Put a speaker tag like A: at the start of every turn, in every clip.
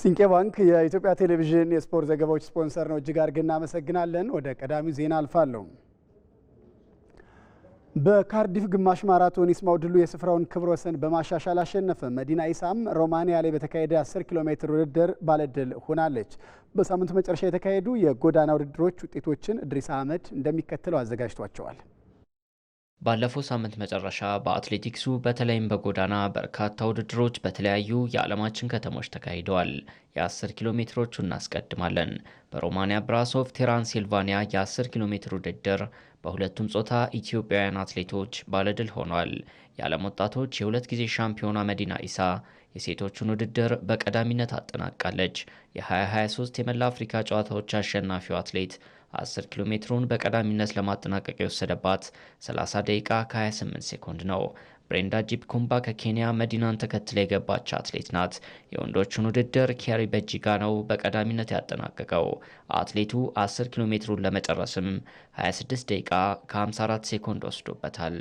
A: ሲንቄ ባንክ የኢትዮጵያ ቴሌቪዥን የስፖርት ዘገባዎች ስፖንሰር ነው። እጅግ አድርገን እናመሰግናለን። ወደ ቀዳሚው ዜና አልፋለሁ። በካርዲፍ ግማሽ ማራቶን ይስማው ድሉ የስፍራውን ክብረ ወሰን በማሻሻል አሸነፈ። መዲና ኢሳም ሮማንያ ላይ በተካሄደ 10 ኪሎ ሜትር ውድድር ባለድል ሆናለች። በሳምንቱ መጨረሻ የተካሄዱ የጎዳና ውድድሮች ውጤቶችን እድሪስ አህመድ እንደሚከተለው አዘጋጅቷቸዋል።
B: ባለፈው ሳምንት መጨረሻ በአትሌቲክሱ በተለይም በጎዳና በርካታ ውድድሮች በተለያዩ የዓለማችን ከተሞች ተካሂደዋል። የ10 ኪሎ ሜትሮቹ እናስቀድማለን። በሮማንያ ብራሶቭ ቴራንሲልቫኒያ የ10 ኪሎ ሜትር ውድድር በሁለቱም ጾታ ኢትዮጵያውያን አትሌቶች ባለድል ሆኗል። የዓለም ወጣቶች የሁለት ጊዜ ሻምፒዮና መዲና ኢሳ የሴቶቹን ውድድር በቀዳሚነት አጠናቃለች። የ2023 የመላ አፍሪካ ጨዋታዎች አሸናፊው አትሌት 10 ኪሎ ሜትሩን በቀዳሚነት ለማጠናቀቅ የወሰደባት 30 ደቂቃ ከ28 ሴኮንድ ነው። ብሬንዳ ጂፕ ኩምባ ከኬንያ መዲናን ተከትለ የገባች አትሌት ናት። የወንዶቹን ውድድር ኬሪ በጂጋ ነው በቀዳሚነት ያጠናቀቀው። አትሌቱ 10 ኪሎ ሜትሩን ለመጨረስም 26 ደቂቃ ከ54 ሴኮንድ ወስዶበታል።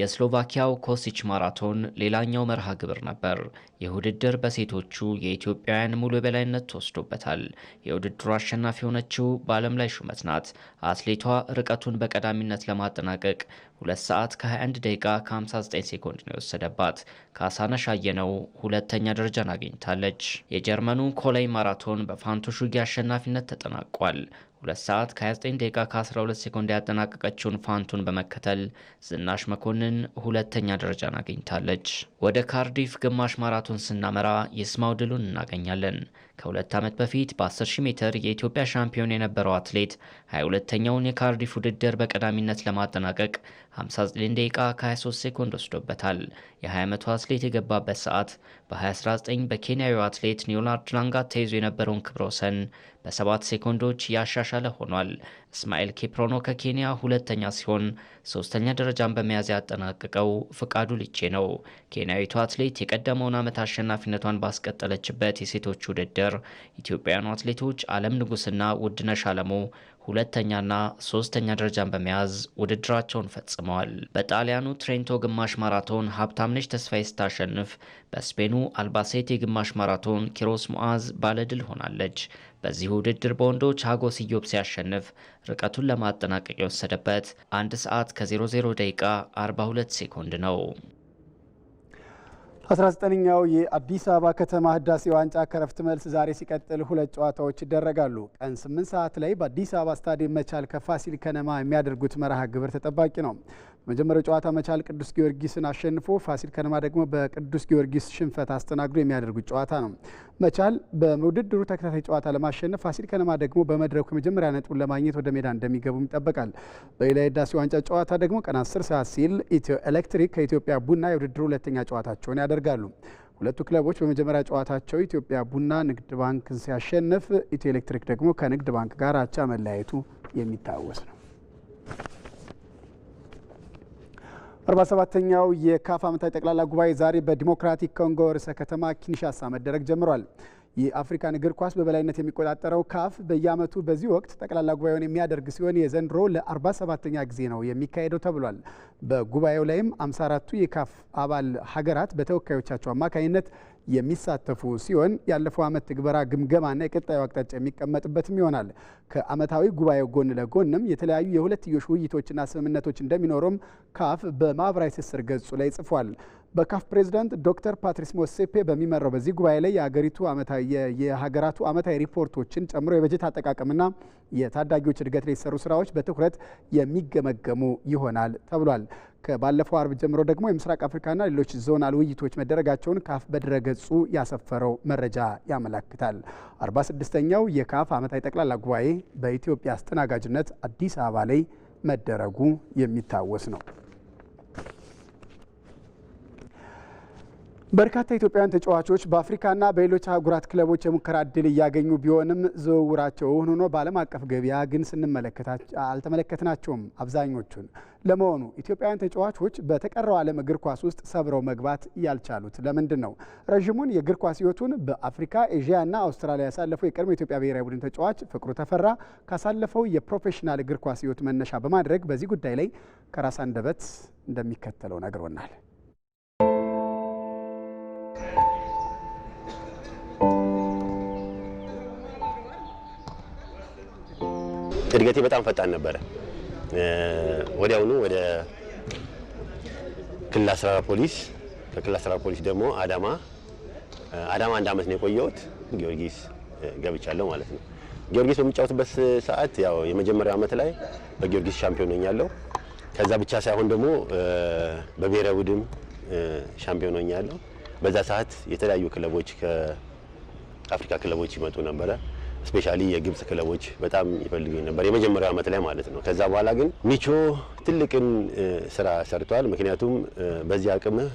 B: የስሎቫኪያው ኮሲች ማራቶን ሌላኛው መርሃ ግብር ነበር። ይህ ውድድር በሴቶቹ የኢትዮጵያውያን ሙሉ የበላይነት ተወስዶበታል። የውድድሩ አሸናፊ የሆነችው በዓለም ላይ ሹመት ናት። አትሌቷ ርቀቱን በቀዳሚነት ለማጠናቀቅ 2 ሰዓት ከ21 ደቂቃ ከ59 ሴኮንድ ሴኮንድ ነው የወሰደባት። ካሳነሽ አየነው ሁለተኛ ደረጃን አግኝታለች። የጀርመኑ ኮላይ ማራቶን በፋንቱሹጌ አሸናፊነት ተጠናቋል። ሁለት ሰዓት ከ29 ደቂቃ ከ12 ሴኮንድ ያጠናቀቀችውን ፋንቱን በመከተል ዝናሽ መኮንን ሁለተኛ ደረጃን አግኝታለች። ወደ ካርዲፍ ግማሽ ማራቶን ስናመራ ይስማው ድሉን እናገኛለን። ከሁለት ዓመት በፊት በ10000 ሜትር የኢትዮጵያ ሻምፒዮን የነበረው አትሌት 22ተኛውን የካርዲፍ ውድድር በቀዳሚነት ለማጠናቀቅ 59 ደቂቃ ከ23 ሴኮንድ ወስዶበታል። የ20 ዓመቱ አትሌት የገባበት ሰዓት በ2019 በኬንያዊ አትሌት ኒዮላርድ ላንጋ ተይዞ የነበረውን ክብረ ወሰን በሰባት ሴኮንዶች እያሻሻለ ሆኗል። እስማኤል ኬፕሮኖ ከኬንያ ሁለተኛ ሲሆን ሶስተኛ ደረጃን በመያዝ ያጠናቀቀው ፍቃዱ ልቼ ነው። ኬንያዊቱ አትሌት የቀደመውን ዓመት አሸናፊነቷን ባስቀጠለችበት የሴቶች ውድድር ኢትዮጵያውያኑ አትሌቶች አለም ንጉስና ውድነሽ አለሙ ሁለተኛና ሶስተኛ ደረጃን በመያዝ ውድድራቸውን ፈጽመዋል። በጣሊያኑ ትሬንቶ ግማሽ ማራቶን ሀብታምነሽ ተስፋዬ ስታሸንፍ፣ በስፔኑ አልባሴቴ ግማሽ ማራቶን ኪሮስ ሙዓዝ ባለድል ሆናለች። በዚህ ውድድር በወንዶች ሀጎስ ኢዮብ ሲያሸንፍ ርቀቱን ለማጠናቀቅ የወሰደበት አንድ ሰዓት ከ00 ደቂቃ 42 ሴኮንድ ነው።
A: 19ኛው የአዲስ አበባ ከተማ ህዳሴ ዋንጫ ከረፍት መልስ ዛሬ ሲቀጥል ሁለት ጨዋታዎች ይደረጋሉ። ቀን 8 ሰዓት ላይ በአዲስ አበባ ስታዲየም መቻል ከፋሲል ከነማ የሚያደርጉት መርሃ ግብር ተጠባቂ ነው። መጀመሪያው ጨዋታ መቻል ቅዱስ ጊዮርጊስን አሸንፎ ፋሲል ከነማ ደግሞ በቅዱስ ጊዮርጊስ ሽንፈት አስተናግዶ የሚያደርጉት ጨዋታ ነው። መቻል በውድድሩ ተከታታይ ጨዋታ ለማሸነፍ፣ ፋሲል ከነማ ደግሞ በመድረኩ የመጀመሪያ ነጥቡን ለማግኘት ወደ ሜዳ እንደሚገቡም ይጠበቃል። በሌላ የዳሴ ዋንጫ ጨዋታ ደግሞ ቀን 10 ሰዓት ሲል ኢትዮ ኤሌክትሪክ ከኢትዮጵያ ቡና የውድድሩ ሁለተኛ ጨዋታቸውን ያደርጋሉ። ሁለቱ ክለቦች በመጀመሪያ ጨዋታቸው ኢትዮጵያ ቡና ንግድ ባንክን ሲያሸንፍ፣ ኢትዮ ኤሌክትሪክ ደግሞ ከንግድ ባንክ ጋር አቻ መለያየቱ የሚታወስ ነው። አርባ ሰባተኛው የካፍ ዓመታዊ ጠቅላላ ጉባኤ ዛሬ በዲሞክራቲክ ኮንጎ ርዕሰ ከተማ ኪንሻሳ መደረግ ጀምሯል። የአፍሪካን እግር ኳስ በበላይነት የሚቆጣጠረው ካፍ በየዓመቱ በዚህ ወቅት ጠቅላላ ጉባኤውን የሚያደርግ ሲሆን የዘንድሮ ለ47ኛ ጊዜ ነው የሚካሄደው ተብሏል። በጉባኤው ላይም 54ቱ የካፍ አባል ሀገራት በተወካዮቻቸው አማካኝነት የሚሳተፉ ሲሆን ያለፈው ዓመት ትግበራ ግምገማና የቀጣዩ አቅጣጫ የሚቀመጥበትም ይሆናል። ከዓመታዊ ጉባኤው ጎን ለጎንም የተለያዩ የሁለትዮሽ ውይይቶችና ስምምነቶች እንደሚኖሩም ካፍ በማኅበራዊ ትስስር ገጹ ላይ ጽፏል። በካፍ ፕሬዚዳንት ዶክተር ፓትሪስ ሞሴፔ በሚመራው በዚህ ጉባኤ ላይ የሀገሪቱ የሀገራቱ ዓመታዊ ሪፖርቶችን ጨምሮ የበጀት አጠቃቀምና የታዳጊዎች እድገት ላይ የተሰሩ ስራዎች በትኩረት የሚገመገሙ ይሆናል ተብሏል። ከባለፈው አርብ ጀምሮ ደግሞ የምስራቅ አፍሪካና ሌሎች ዞናል ውይይቶች መደረጋቸውን ካፍ በድረገጹ ያሰፈረው መረጃ ያመላክታል። 46ኛው የካፍ ዓመታዊ ጠቅላላ ጉባኤ በኢትዮጵያ አስተናጋጅነት አዲስ አበባ ላይ መደረጉ የሚታወስ ነው። በርካታ ኢትዮጵያውያን ተጫዋቾች በአፍሪካና በሌሎች አህጉራት ክለቦች የሙከራ እድል እያገኙ ቢሆንም ዝውውራቸው ሆኖ በዓለም አቀፍ ገበያ ግን ስንመለከት አልተመለከትናቸውም። አብዛኞቹን ለመሆኑ ኢትዮጵያውያን ተጫዋቾች በተቀረው ዓለም እግር ኳስ ውስጥ ሰብረው መግባት ያልቻሉት ለምንድን ነው? ረዥሙን የእግር ኳስ ሕይወቱን በአፍሪካ ኤዥያና አውስትራሊያ ያሳለፈው የቀድሞ ኢትዮጵያ ብሔራዊ ቡድን ተጫዋች ፍቅሩ ተፈራ ካሳለፈው የፕሮፌሽናል እግር ኳስ ሕይወት መነሻ በማድረግ በዚህ ጉዳይ ላይ ከራስ አንደበት እንደሚከተለው ነግሮናል።
C: እድገቴ በጣም ፈጣን ነበረ። ወዲያውኑ ወደ ክልል አስራራ ፖሊስ፣ ከክልል አስራራ ፖሊስ ደግሞ አዳማ አዳማ አንድ አመት ነው የቆየሁት። ጊዮርጊስ ገብቻለሁ ማለት ነው። ጊዮርጊስ በሚጫወትበት ሰዓት ያው የመጀመሪያው አመት ላይ በጊዮርጊስ ሻምፒዮን ሆኛለሁ። ከዛ ብቻ ሳይሆን ደግሞ በብሔራዊ ቡድን ሻምፒዮን ሆኛለሁ። በዛ ሰዓት የተለያዩ ክለቦች ከአፍሪካ ክለቦች ይመጡ ነበረ። ስፔሻሊ የግብጽ ክለቦች በጣም ይፈልጉኝ ነበር የመጀመሪያው ዓመት ላይ ማለት ነው። ከዛ በኋላ ግን ሚቾ ትልቅን ስራ ሰርቷል። ምክንያቱም በዚህ አቅምህ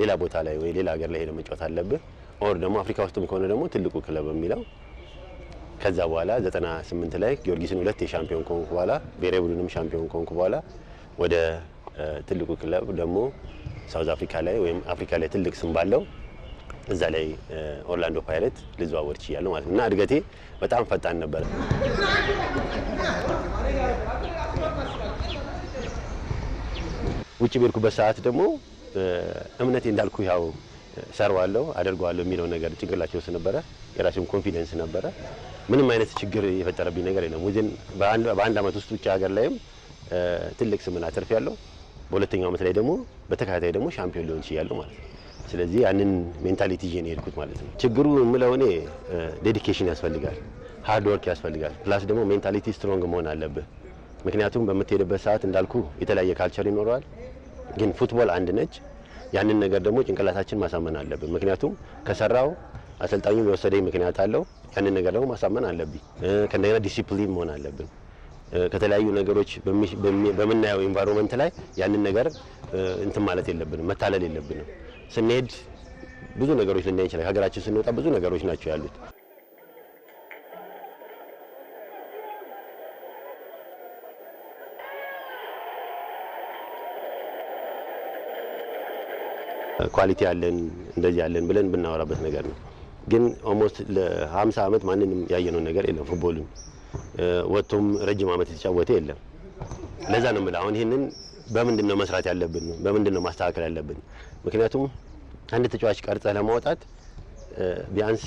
C: ሌላ ቦታ ላይ ወይ ሌላ ሀገር ላይ ሄደ መጫወት አለብህ ኦር ደግሞ አፍሪካ ውስጥም ከሆነ ደግሞ ትልቁ ክለብ የሚለው ከዛ በኋላ 98 ላይ ጊዮርጊስን ሁለት የሻምፒዮን ከሆንኩ በኋላ ብሔራዊ ቡድንም ሻምፒዮን ከሆንኩ በኋላ ወደ ትልቁ ክለብ ደግሞ ሳውዝ አፍሪካ ላይ ወይም አፍሪካ ላይ ትልቅ ስም ባለው እዛ ላይ ኦርላንዶ ፓይረት ልዘዋወር ችያለሁ ማለት ነው እና እድገቴ በጣም ፈጣን ነበረ። ውጭ ቤርኩበት ሰዓት ደግሞ እምነቴ እንዳልኩ ያው ሰርዋለሁ አደርገዋለሁ የሚለው ነገር ጭንቅላቸው ውስጥ ነበረ። የራሴም ኮንፊደንስ ነበረ። ምንም አይነት ችግር የፈጠረብኝ ነገር የለም። ውዝን በአንድ አመት ውስጥ ውጭ ሀገር ላይም ትልቅ ስምን አትርፍ ያለው በሁለተኛው አመት ላይ ደግሞ በተከታታይ ደግሞ ሻምፒዮን ሊሆን ችያለሁ ማለት ነው። ስለዚህ ያንን ሜንታሊቲ ይዤ ነው የሄድኩት ማለት ነው። ችግሩ የምለው እኔ ዴዲኬሽን ያስፈልጋል፣ ሀርድ ወርክ ያስፈልጋል። ፕላስ ደግሞ ሜንታሊቲ ስትሮንግ መሆን አለብህ። ምክንያቱም በምትሄድበት ሰዓት እንዳልኩ የተለያየ ካልቸር ይኖረዋል። ግን ፉትቦል አንድ ነች። ያንን ነገር ደግሞ ጭንቅላታችን ማሳመን አለብን። ምክንያቱም ከሰራው አሰልጣኙ የወሰደኝ ምክንያት አለው። ያንን ነገር ደግሞ ማሳመን አለብኝ። ከእንደገና ዲሲፕሊን መሆን አለብን። ከተለያዩ ነገሮች በምናየው ኢንቫይሮንመንት ላይ ያንን ነገር እንትን ማለት የለብንም፣ መታለል የለብንም። ስንሄድ ብዙ ነገሮች ልናይ እንችላለን። ሀገራችን ስንወጣ ብዙ ነገሮች ናቸው ያሉት። ኳሊቲ ያለን እንደዚህ ያለን ብለን ብናወራበት ነገር ነው። ግን ኦልሞስት ለ50 ዓመት ማንንም ያየነው ነገር የለም። ፉትቦሉን ወጥቶም ረጅም ዓመት የተጫወተ የለም። ለዛ ነው የምልህ አሁን ይህንን በምንድን ነው መስራት ያለብን፣ በምንድን ነው ማስተካከል ያለብን። ምክንያቱም አንድ ተጫዋች ቀርጸህ ለማውጣት ቢያንስ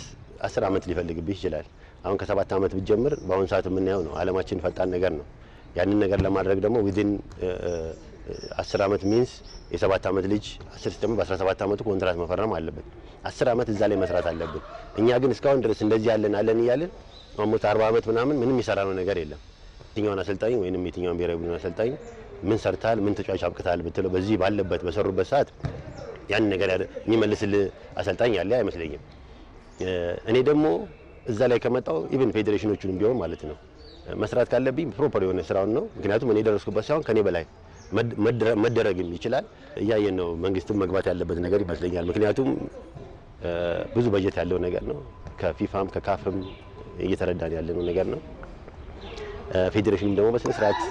C: አስር ዓመት ሊፈልግብህ ይችላል። አሁን ከሰባት ዓመት ብጀምር በአሁኑ ሰዓት የምናየው ነው። አለማችን ፈጣን ነገር ነው። ያንን ነገር ለማድረግ ደግሞ ዊዝን አስር ዓመት ሚንስ የሰባት አመት ልጅ አስር ሲጀምር በአስራ ሰባት ኮንትራት መፈረም አለብን። አስር ዓመት እዛ ላይ መስራት አለብን። እኛ ግን እስካሁን ድረስ እንደዚህ ያለን አለን እያለን አሞት አርባ አመት ምናምን ምንም የሰራ ነው ነገር የለም። የትኛውን አሰልጣኝ ወይም የትኛውን ብሔራዊ ቡድን አሰልጣኝ ምን ሰርታል፣ ምን ተጫዋች አብቅታል ብትለው በዚህ ባለበት በሰሩበት ሰዓት ያን ነገር የሚመልስል አሰልጣኝ ያለ አይመስለኝም። እኔ ደግሞ እዛ ላይ ከመጣው ኢቭን ፌዴሬሽኖቹንም ቢሆን ማለት ነው መስራት ካለብኝ ፕሮፐር የሆነ ስራውን ነው። ምክንያቱም እኔ የደረስኩበት ሳይሆን ከኔ በላይ መደረግም ይችላል። እያየን ነው። መንግስትም መግባት ያለበት ነገር ይመስለኛል። ምክንያቱም ብዙ በጀት ያለው ነገር ነው። ከፊፋም ከካፍም እየተረዳን ያለነው ነገር ነው። ፌዴሬሽን ደግሞ በስነ ስርዓት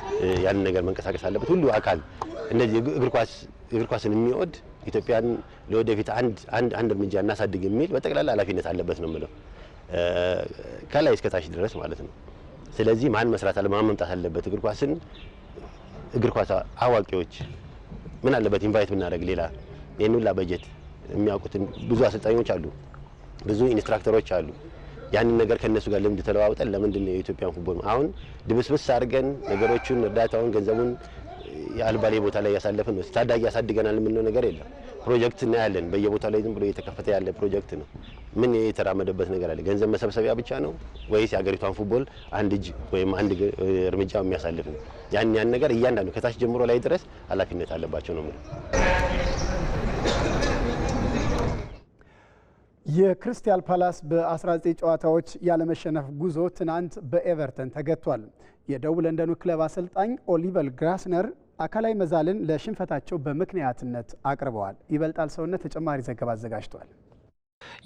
C: ያንን ነገር መንቀሳቀስ አለበት። ሁሉ አካል እነዚህ እግር ኳስ እግር ኳስን የሚወድ ኢትዮጵያን ለወደፊት አንድ አንድ አንድ እርምጃ እናሳድግ የሚል በጠቅላላ ኃላፊነት አለበት ነው የምለው ከላይ እስከ ታች ድረስ ማለት ነው። ስለዚህ ማን መስራት አለ ማን መምጣት አለበት እግር ኳስን እግር ኳስ አዋቂዎች ምን አለበት ኢንቫይት ብናደርግ ሌላ ይህን ሁላ በጀት የሚያውቁትን ብዙ አሰልጣኞች አሉ፣ ብዙ ኢንስትራክተሮች አሉ። ያንን ነገር ከነሱ ጋር ልምድ ተለዋውጠን ለምንድን ነው የኢትዮጵያን ፉትቦል አሁን ድብስብስ አድርገን ነገሮቹን እርዳታውን ገንዘቡን አልባሌ ቦታ ላይ ያሳለፍን ነው። ታዳጊ ያሳድገናል የምንለው ነገር የለም። ፕሮጀክት እናያለን። በየቦታ ላይ ዝም ብሎ እየተከፈተ ያለ ፕሮጀክት ነው። ምን የተራመደበት ነገር አለ? ገንዘብ መሰብሰቢያ ብቻ ነው ወይስ የሀገሪቷን ፉትቦል አንድ እጅ ወይም አንድ እርምጃ የሚያሳልፍ ነው? ያን ያን ነገር እያንዳንዱ ከታች ጀምሮ ላይ ድረስ ኃላፊነት አለባቸው ነው የምለው።
A: የክሪስታል ፓላስ በ19 ጨዋታዎች ያለመሸነፍ ጉዞ ትናንት በኤቨርተን ተገቷል። የደቡብ ለንደኑ ክለብ አሰልጣኝ ኦሊቨር ግራስነር አካላዊ መዛልን ለሽንፈታቸው በምክንያትነት አቅርበዋል። ይበልጣል ሰውነት ተጨማሪ ዘገባ አዘጋጅቷል።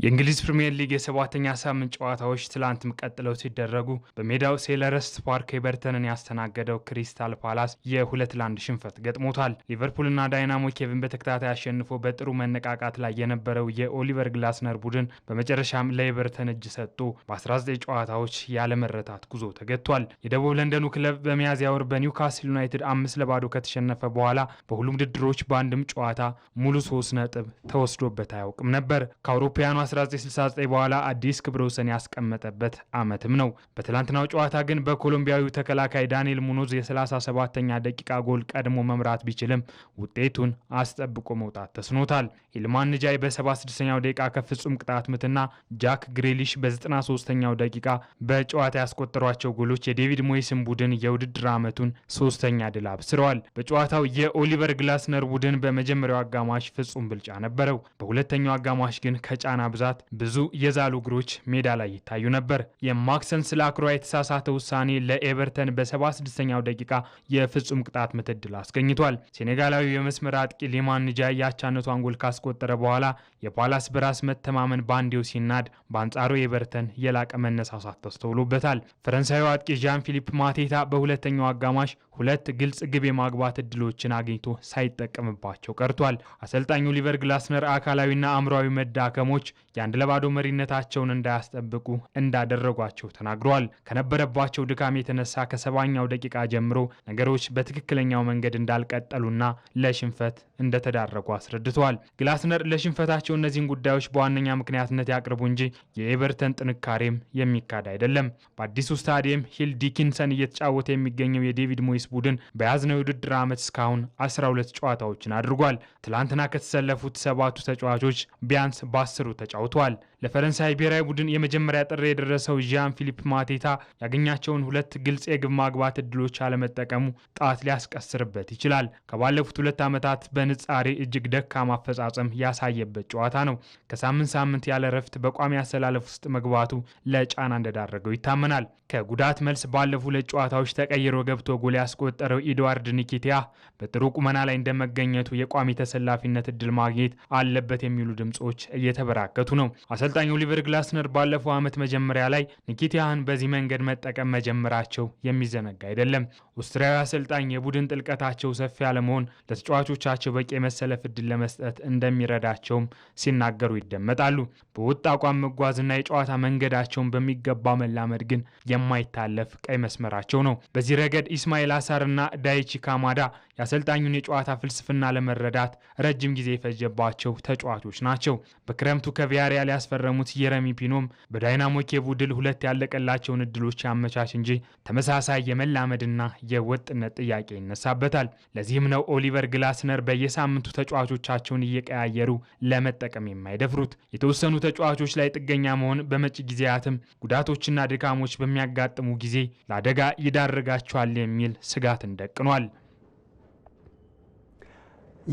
D: የእንግሊዝ ፕሪምየር ሊግ የሰባተኛ ሳምንት ጨዋታዎች ትላንት ቀጥለው ሲደረጉ በሜዳው ሴልኸርስት ፓርክ ኤቨርተንን ያስተናገደው ክሪስታል ፓላስ የሁለት ለአንድ ሽንፈት ገጥሞታል። ሊቨርፑልና ዳይናሞ ኬቭን በተከታታይ አሸንፎ በጥሩ መነቃቃት ላይ የነበረው የኦሊቨር ግላስነር ቡድን በመጨረሻም ለኤቨርተን እጅ ሰጥቶ በ19 ጨዋታዎች ያለመረታት ጉዞ ተገጥቷል። የደቡብ ለንደኑ ክለብ በሚያዝያ ወር በኒውካስል ዩናይትድ አምስት ለባዶ ከተሸነፈ በኋላ በሁሉም ውድድሮች በአንድም ጨዋታ ሙሉ ሶስት ነጥብ ተወስዶበት አያውቅም ነበር ከአውሮፓ ከአውሮፓውያኑ 1969 በኋላ አዲስ ክብረ ውሰን ያስቀመጠበት ዓመትም ነው። በትላንትናው ጨዋታ ግን በኮሎምቢያዊ ተከላካይ ዳንኤል ሙኖዝ የ37ኛ ደቂቃ ጎል ቀድሞ መምራት ቢችልም ውጤቱን አስጠብቆ መውጣት ተስኖታል። ኢልማን ንጃይ በ76ኛው ደቂቃ ከፍጹም ቅጣት ምትና ጃክ ግሬሊሽ በ93ኛው ደቂቃ በጨዋታ ያስቆጠሯቸው ጎሎች የዴቪድ ሞይስን ቡድን የውድድር ዓመቱን ሶስተኛ ድል አብስረዋል። በጨዋታው የኦሊቨር ግላስነር ቡድን በመጀመሪያው አጋማሽ ፍጹም ብልጫ ነበረው። በሁለተኛው አጋማሽ ግን ከጫ ጫና ብዛት ብዙ የዛሉ እግሮች ሜዳ ላይ ይታዩ ነበር። የማክሰን ስለ አክሯ የተሳሳተ ውሳኔ ለኤቨርተን በ76ኛው ደቂቃ የፍጹም ቅጣት ምት ዕድል አስገኝቷል። ሴኔጋላዊ የመስመር አጥቂ ሊማን ንጃ የአቻነቷን ጎል ካስቆጠረ በኋላ የፓላስ በራስ መተማመን ባንዴው ሲናድ፣ በአንጻሩ ኤቨርተን የላቀ መነሳሳት ተስተውሎበታል። ፈረንሳዊ አጥቂ ዣን ፊሊፕ ማቴታ በሁለተኛው አጋማሽ ሁለት ግልጽ ግብ የማግባት እድሎችን አግኝቶ ሳይጠቀምባቸው ቀርቷል። አሰልጣኙ ሊቨር ግላስነር አካላዊና አእምሯዊ መዳከሞች ኃይሎች የአንድ ለባዶ መሪነታቸውን እንዳያስጠብቁ እንዳደረጓቸው ተናግረዋል። ከነበረባቸው ድካም የተነሳ ከሰባኛው ደቂቃ ጀምሮ ነገሮች በትክክለኛው መንገድ እንዳልቀጠሉና ለሽንፈት እንደተዳረጉ አስረድተዋል። ግላስነር ለሽንፈታቸው እነዚህን ጉዳዮች በዋነኛ ምክንያትነት ያቅርቡ እንጂ የኤቨርተን ጥንካሬም የሚካድ አይደለም። በአዲሱ ስታዲየም ሂል ዲኪንሰን እየተጫወተ የሚገኘው የዴቪድ ሞይስ ቡድን በያዝነው የውድድር ዓመት እስካሁን 12 ጨዋታዎችን አድርጓል። ትላንትና ከተሰለፉት ሰባቱ ተጫዋቾች ቢያንስ በአስሩ ተጫውተዋል። ለፈረንሳይ ብሔራዊ ቡድን የመጀመሪያ ጥሪ የደረሰው ዣን ፊሊፕ ማቴታ ያገኛቸውን ሁለት ግልጽ የግብ ማግባት እድሎች አለመጠቀሙ ጣት ሊያስቀስርበት ይችላል። ከባለፉት ሁለት ዓመታት በንጻሬ እጅግ ደካማ አፈጻጸም ያሳየበት ጨዋታ ነው። ከሳምንት ሳምንት ያለ ረፍት በቋሚ አሰላለፍ ውስጥ መግባቱ ለጫና እንደዳረገው ይታመናል። ከጉዳት መልስ ባለፉ ሁለት ጨዋታዎች ተቀይሮ ገብቶ ጎል ያስቆጠረው ኢድዋርድ ኒኪቲያ በጥሩ ቁመና ላይ እንደመገኘቱ የቋሚ ተሰላፊነት እድል ማግኘት አለበት የሚሉ ድምጾች እየተበራከቱ ነው። አሰልጣኝ ኦሊቨር ግላስነር ባለፈው ዓመት መጀመሪያ ላይ ኒኪቲያን በዚህ መንገድ መጠቀም መጀመራቸው የሚዘነጋ አይደለም። ኦስትሪያዊ አሰልጣኝ የቡድን ጥልቀታቸው ሰፊ አለመሆን ለተጫዋቾቻቸው በቂ የመሰለፍ እድል ለመስጠት እንደሚረዳቸውም ሲናገሩ ይደመጣሉ። በወጥ አቋም መጓዝና የጨዋታ መንገዳቸውን በሚገባ መላመድ ግን የማይታለፍ ቀይ መስመራቸው ነው። በዚህ ረገድ ኢስማኤል አሳርና ዳይቺ ካማዳ የአሰልጣኙን የጨዋታ ፍልስፍና ለመረዳት ረጅም ጊዜ የፈጀባቸው ተጫዋቾች ናቸው። በክረምቱ ከቪያሪያል ያስፈረሙት የረሚ ፒኖም በዳይናሞ ኬቭ ድል ሁለት ያለቀላቸውን እድሎች ያመቻች እንጂ ተመሳሳይ የመላመድና የወጥነት ጥያቄ ይነሳበታል። ለዚህም ነው ኦሊቨር ግላስነር በየሳምንቱ ተጫዋቾቻቸውን እየቀያየሩ ለመጠቀም የማይደፍሩት። የተወሰኑ ተጫዋቾች ላይ ጥገኛ መሆን በመጪ ጊዜያትም ጉዳቶችና ድካሞች በሚያጋጥሙ ጊዜ ለአደጋ ይዳርጋቸዋል የሚል ስጋትን ደቅኗል።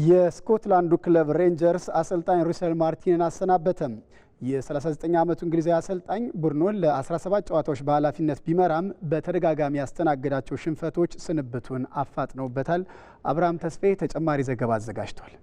A: የስኮትላንዱ ክለብ ሬንጀርስ አሰልጣኝ ሩሰል ማርቲንን አሰናበተም። የ39 ዓመቱ እንግሊዛዊ አሰልጣኝ ቡድኑን ለ17 ጨዋታዎች በኃላፊነት ቢመራም በተደጋጋሚ ያስተናገዳቸው ሽንፈቶች ስንብቱን አፋጥነውበታል። አብርሃም ተስፋዬ ተጨማሪ ዘገባ አዘጋጅቷል።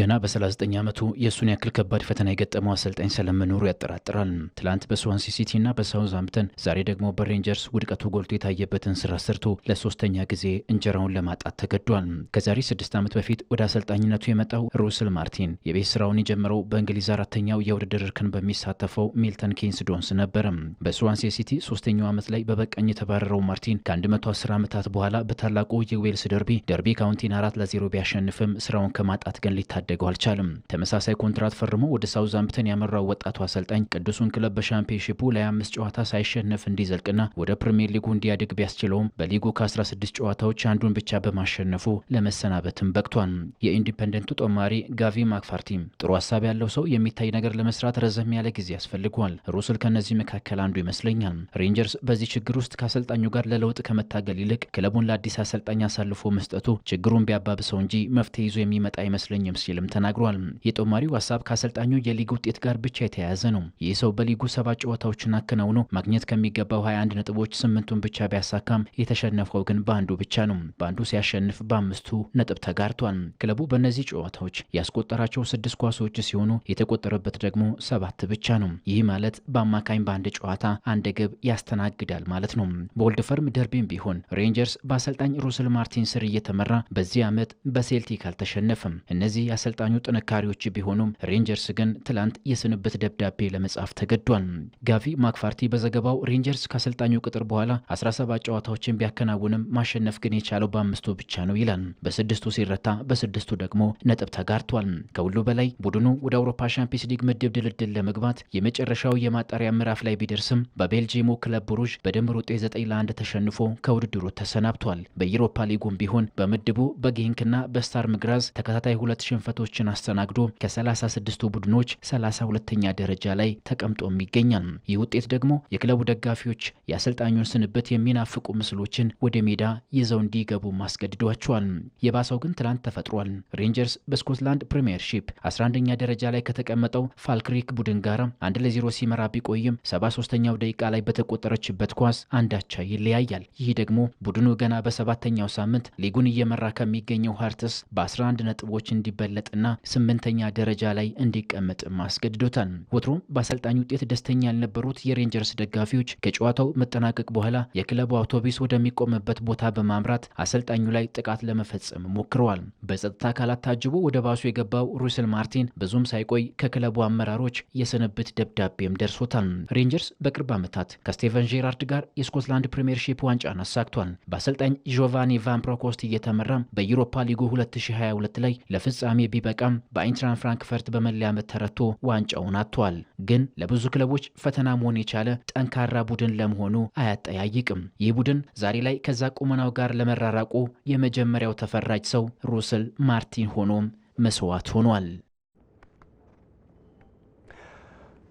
E: ገና በ39 ዓመቱ የእሱን ያክል ከባድ ፈተና የገጠመው አሰልጣኝ ስለመኖሩ ያጠራጥራል። ትላንት በስዋንሲ ሲቲ እና በሳውዝሃምፕተን ዛሬ ደግሞ በሬንጀርስ ውድቀቱ ጎልቶ የታየበትን ስራ ሰርቶ ለሶስተኛ ጊዜ እንጀራውን ለማጣት ተገዷል። ከዛሬ ስድስት ዓመት በፊት ወደ አሰልጣኝነቱ የመጣው ሩስል ማርቲን የቤት ስራውን የጀመረው በእንግሊዝ አራተኛው የውድድር እርከን በሚሳተፈው ሚልተን ኬንስ ዶንስ ነበር። በስዋንሲ ሲቲ ሶስተኛው ዓመት ላይ በበቃኝ የተባረረው ማርቲን ከ110 ዓመታት በኋላ በታላቁ የዌልስ ደርቢ ደርቢ ካውንቲን አራት ለዜሮ ቢያሸንፍም ስራውን ከማጣት ገን ሊታ ሊያሳደገው አልቻለም። ተመሳሳይ ኮንትራት ፈርሞ ወደ ሳውዛምፕተን ያመራው ወጣቱ አሰልጣኝ ቅዱሱን ክለብ በሻምፒዮንሺፑ ላይ አምስት ጨዋታ ሳይሸነፍ እንዲዘልቅና ወደ ፕሪምየር ሊጉ እንዲያድግ ቢያስችለውም በሊጉ ከ16 ጨዋታዎች አንዱን ብቻ በማሸነፉ ለመሰናበትም በቅቷል። የኢንዲፐንደንቱ ጦማሪ ጋቪ ማክፋርቲ ጥሩ ሀሳብ ያለው ሰው የሚታይ ነገር ለመስራት ረዘም ያለ ጊዜ ያስፈልገዋል። ሩስል ከእነዚህ መካከል አንዱ ይመስለኛል። ሬንጀርስ በዚህ ችግር ውስጥ ከአሰልጣኙ ጋር ለለውጥ ከመታገል ይልቅ ክለቡን ለአዲስ አሰልጣኝ አሳልፎ መስጠቱ ችግሩን ቢያባብሰው እንጂ መፍትሄ ይዞ የሚመጣ አይመስለኝም ሲልም ተናግሯል። የጦማሪው ሀሳብ ከአሰልጣኙ የሊግ ውጤት ጋር ብቻ የተያያዘ ነው። ይህ ሰው በሊጉ ሰባት ጨዋታዎችን አከናውኖ ማግኘት ከሚገባው 21 ነጥቦች ስምንቱን ብቻ ቢያሳካም የተሸነፈው ግን በአንዱ ብቻ ነው። በአንዱ ሲያሸንፍ በአምስቱ ነጥብ ተጋርቷል። ክለቡ በእነዚህ ጨዋታዎች ያስቆጠራቸው ስድስት ኳሶች ሲሆኑ የተቆጠረበት ደግሞ ሰባት ብቻ ነው። ይህ ማለት በአማካኝ በአንድ ጨዋታ አንድ ግብ ያስተናግዳል ማለት ነው። በኦልድ ፈርም ደርቤም ቢሆን ሬንጀርስ በአሰልጣኝ ሩስል ማርቲን ስር እየተመራ በዚህ ዓመት በሴልቲክ አልተሸነፈም። እነዚህ የአሰልጣኙ ጥንካሬዎች ቢሆኑም ሬንጀርስ ግን ትላንት የስንብት ደብዳቤ ለመጻፍ ተገዷል። ጋቪ ማክፋርቲ በዘገባው ሬንጀርስ ከአሰልጣኙ ቅጥር በኋላ 17 ጨዋታዎችን ቢያከናውንም ማሸነፍ ግን የቻለው በአምስቱ ብቻ ነው ይላል። በስድስቱ ሲረታ፣ በስድስቱ ደግሞ ነጥብ ተጋርቷል። ከሁሉ በላይ ቡድኑ ወደ አውሮፓ ሻምፒዮንስ ሊግ ምድብ ድልድል ለመግባት የመጨረሻው የማጣሪያ ምዕራፍ ላይ ቢደርስም በቤልጂየሙ ክለብ ብሩዥ በድምር ውጤት 9 ለ1 ተሸንፎ ከውድድሩ ተሰናብቷል። በዩሮፓ ሊጉም ቢሆን በምድቡ በጌንክና በስታር ምግራዝ ተከታታይ ሁለት ሽንፈቶችን አስተናግዶ ከ36ቱ ቡድኖች 32ኛ ደረጃ ላይ ተቀምጦም ይገኛል። ይህ ውጤት ደግሞ የክለቡ ደጋፊዎች የአሰልጣኙን ስንብት የሚናፍቁ ምስሎችን ወደ ሜዳ ይዘው እንዲገቡ አስገድዷቸዋል። የባሰው ግን ትላንት ተፈጥሯል። ሬንጀርስ በስኮትላንድ ፕሪምየርሺፕ 11ኛ ደረጃ ላይ ከተቀመጠው ፋልክሪክ ቡድን ጋር አንድ ለዜሮ ሲመራ ቢቆይም 73ኛው ደቂቃ ላይ በተቆጠረችበት ኳስ አንዳቻ ይለያያል። ይህ ደግሞ ቡድኑ ገና በሰባተኛው ሳምንት ሊጉን እየመራ ከሚገኘው ሀርትስ በ11 ነጥቦች እንዲበል እንዲጋለጥና ስምንተኛ ደረጃ ላይ እንዲቀመጥም አስገድዶታል። ወትሮም በአሰልጣኝ ውጤት ደስተኛ ያልነበሩት የሬንጀርስ ደጋፊዎች ከጨዋታው መጠናቀቅ በኋላ የክለቡ አውቶቡስ ወደሚቆምበት ቦታ በማምራት አሰልጣኙ ላይ ጥቃት ለመፈጸም ሞክረዋል። በጸጥታ አካላት ታጅቦ ወደ ባሱ የገባው ሩስል ማርቲን ብዙም ሳይቆይ ከክለቡ አመራሮች የስንብት ደብዳቤም ደርሶታል። ሬንጀርስ በቅርብ ዓመታት ከስቴቨን ጄራርድ ጋር የስኮትላንድ ፕሪምየርሺፕ ዋንጫን አሳክቷል። በአሰልጣኝ ጆቫኒ ቫን ፕሮኮስት እየተመራ በዩሮፓ ሊጉ 2022 ላይ ለፍጻሜ ፍጻሜ ቢበቃም በአይንትራን ፍራንክፈርት በመለያ ምት ተረቶ ዋንጫውን አጥቷል። ግን ለብዙ ክለቦች ፈተና መሆን የቻለ ጠንካራ ቡድን ለመሆኑ አያጠያይቅም። ይህ ቡድን ዛሬ ላይ ከዛ ቁመናው ጋር ለመራራቁ የመጀመሪያው ተፈራጅ ሰው ሩስል ማርቲን ሆኖም መስዋዕት ሆኗል።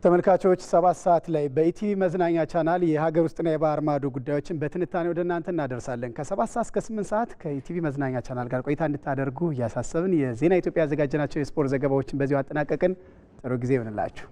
A: ተመልካቾች ሰባት ሰዓት ላይ በኢቲቪ መዝናኛ ቻናል የሀገር ውስጥና የባህር ማዶ ጉዳዮችን በትንታኔ ወደ እናንተ እናደርሳለን። ከሰባት ሰዓት እስከ ስምንት ሰዓት ከኢቲቪ መዝናኛ ቻናል ጋር ቆይታ እንድታደርጉ እያሳሰብን የዜና ኢትዮጵያ ያዘጋጀናቸው የስፖርት ዘገባዎችን በዚሁ አጠናቀቅን። ጥሩ ጊዜ ይሆንላችሁ።